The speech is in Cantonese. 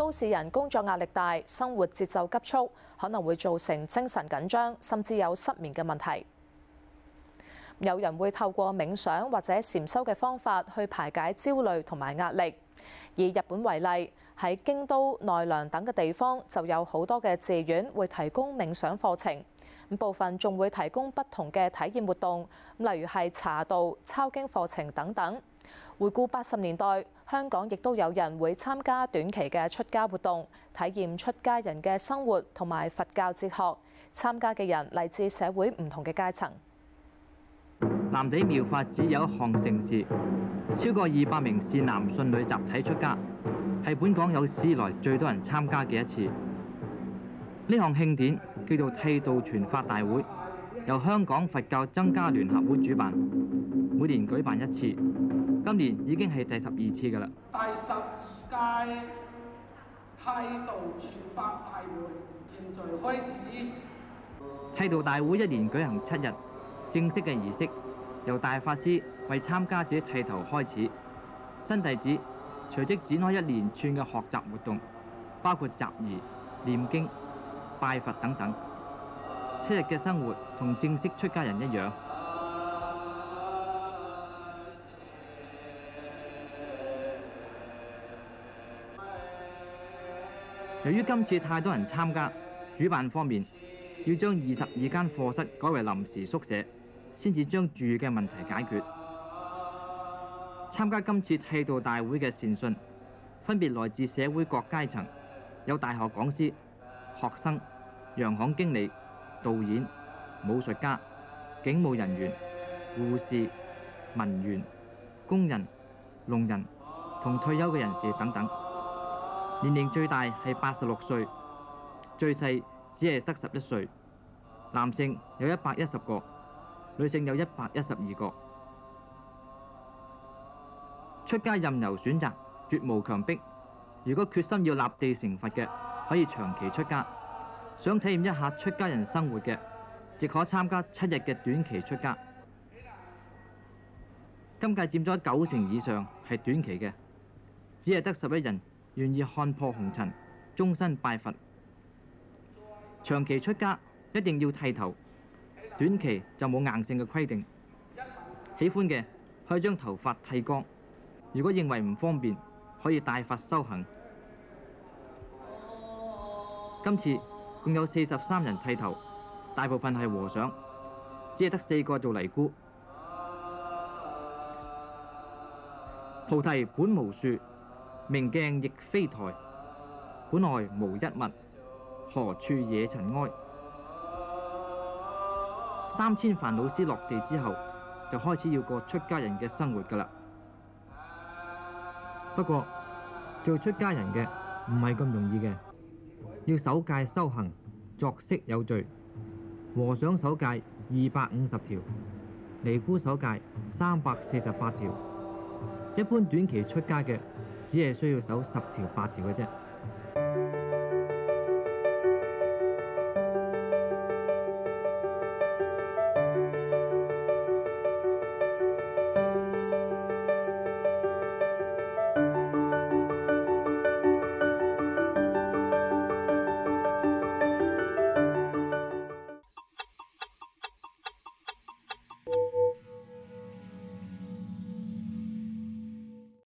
都市人工作壓力大，生活節奏急促，可能會造成精神緊張，甚至有失眠嘅問題。有人會透過冥想或者禪修嘅方法去排解焦慮同埋壓力。以日本為例，喺京都、奈良等嘅地方就有好多嘅寺院會提供冥想課程，部分仲會提供不同嘅體驗活動，例如係茶道、抄經課程等等。回顧八十年代，香港亦都有人會參加短期嘅出家活動，體驗出家人嘅生活同埋佛教哲學。參加嘅人嚟自社會唔同嘅階層。藍地妙法寺有一項盛事，超過二百名善男信女集體出家，係本港有史以來最多人參加嘅一次。呢項慶典叫做剃度傳法大會，由香港佛教僧伽聯合會主辦，每年舉辦一次。今年已經係第十二次㗎喇。第十二屆剃度傳法大會現在開始。剃度大會一年舉行七日，正式嘅儀式由大法師為參加者剃頭開始，新弟子隨即展開一連串嘅學習活動，包括習儀、念經、拜佛等等。七日嘅生活同正式出家人一樣。由於今次太多人參加，主辦方面要將二十二間課室改為臨時宿舍，先至將住嘅問題解決。參加今次剃度大會嘅善信，分別來自社會各階層，有大學講師、學生、洋行經理、導演、武術家、警務人員、護士、文員、工人、農人同退休嘅人士等等。年齡最大係八十六歲，最細只係得十一歲。男性有一百一十個，女性有一百一十二個。出家任由選擇，絕無強迫。如果決心要立地成佛嘅，可以長期出家；想體驗一下出家人生活嘅，亦可參加七日嘅短期出家。今屆佔咗九成以上係短期嘅，只係得十一人。願意看破紅塵，終身拜佛。長期出家一定要剃頭，短期就冇硬性嘅規定。喜歡嘅可以將頭髮剃光，如果認為唔方便，可以帶髮修行。今次共有四十三人剃頭，大部分係和尚，只係得四個做尼姑。菩提本無樹。明鏡亦非台，本來無一物，何處惹塵埃？三千煩惱絲落地之後，就開始要過出家人嘅生活㗎喇。 不過做出家人嘅唔係咁容易嘅，要守戒修行，作息有序。和尚守戒二百五十條，尼姑守戒三百四十八條。一般短期出家嘅。只係需要守十條八條嘅啫。